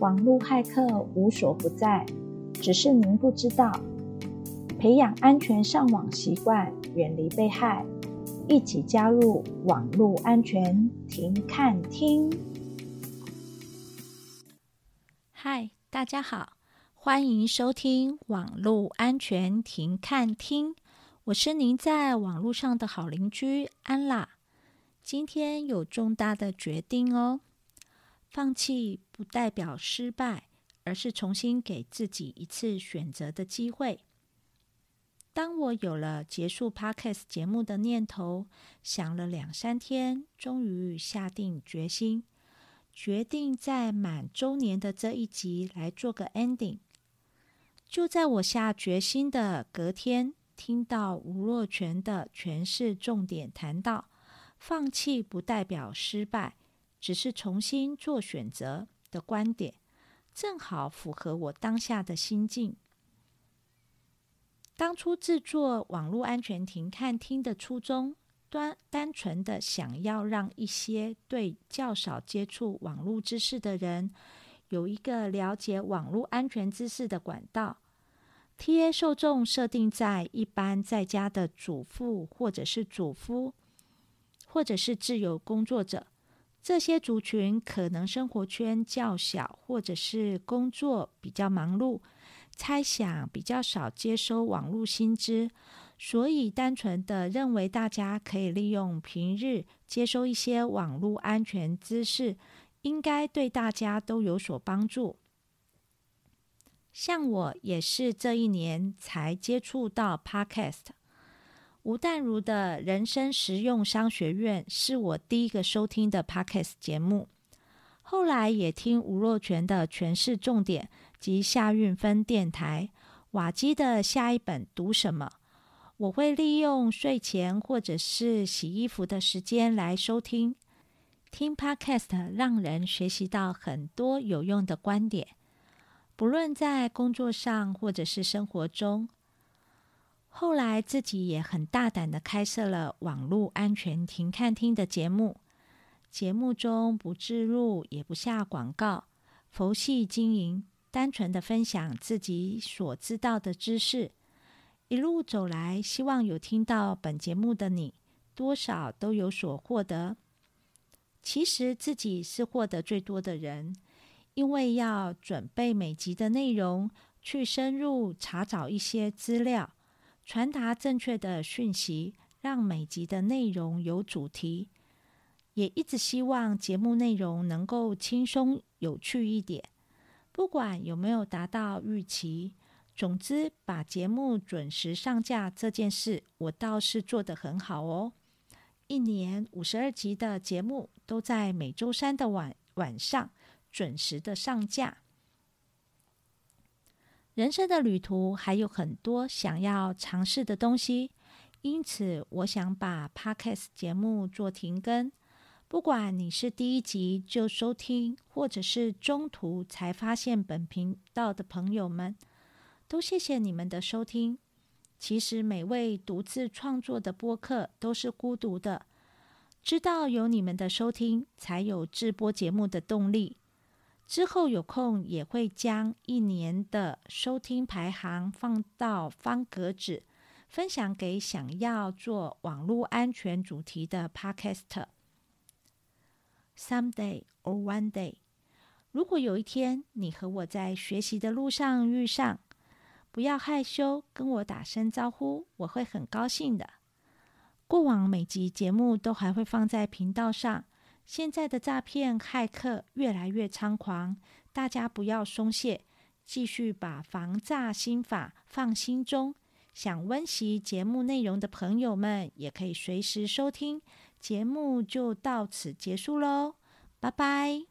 網絡駭客無所不在，只是您不知道。培養安全上網習慣，遠離被害，一起加入網絡安全停看聽。嗨，大家好，歡迎收聽網絡安全停看聽。我是您在網絡上的好鄰居安啦。今天有重大的決定哦。放棄不代表失敗，而是重新給自己一次選擇的機會。當我有了結束 podcast 節目的念頭，想了兩三天，終於下定決心，決定在滿周年的這一集來做個 ending。就在我下決心的隔天，聽到吳若權的詮釋重點談到：放棄不代表失敗。只是重新做選擇的觀點，正好符合我當下的心境。當初製作網絡安全停看聽的初衷，端單純的想要讓一些對較少接觸網絡知識的人，有一個了解網絡安全知識的管道。T A 受眾設定在一般在家的主婦或者是主夫，或者是自由工作者。這些族群可能生活圈較小，或者是工作比較忙碌，猜想比較少接收網絡新知，所以單純的認為大家可以利用平日接收一些網絡安全知識，應該對大家都有所幫助。像我也是這一年才接觸到 Podcast。吳淡如的人生實用商學院是我第一個收聽的 Podcast 節目，後來也聽吳若權的詮釋重點及夏韻芬電台、瓦基的下一本讀什麼。我會利用睡前或者是洗衣服的時間來收聽。聽 Podcast 讓人學習到很多有用的觀點，不論在工作上或者是生活中。後來自己也很大膽的開設了網路安全停看聽的節目，節目中不置入，也不下廣告，佛系經營，單純的分享自己所知道的知識。一路走來，希望有聽到本節目的你，多少都有所獲得。其實自己是獲得最多的人，因為要準備每集的內容，去深入查找一些資料。傳達正確的訊息，讓每集的內容有主題，也一直希望節目內容能夠輕鬆有趣一點。不管有沒有達到預期，總之把節目準時上架這件事，我倒是做得很好哦。一年五十二集的節目，都在每周三的晚晚上準時的上架。人生的旅途還有很多想要嘗試的東西，因此我想把 podcast 節目做停更。不管你是第一集就收聽，或者是中途才發現本頻道的朋友們，都謝謝你們的收聽。其實每位獨自創作的播客都是孤獨的，知道有你們的收聽，才有製播節目的動力。之後有空也會將一年的收聽排行放到方格子，分享給想要做網絡安全主題的 Podcast。Someday or one day，如果有一天你和我在學習的路上遇上，不要害羞，跟我打聲招呼，我會很高興的。過往每集節目都還會放在頻道上。現在的詐騙駭客越來越猖狂，大家不要鬆懈，繼續把防詐心法放心中。想溫習節目內容的朋友們，也可以隨時收聽。節目就到此結束嘍，拜拜。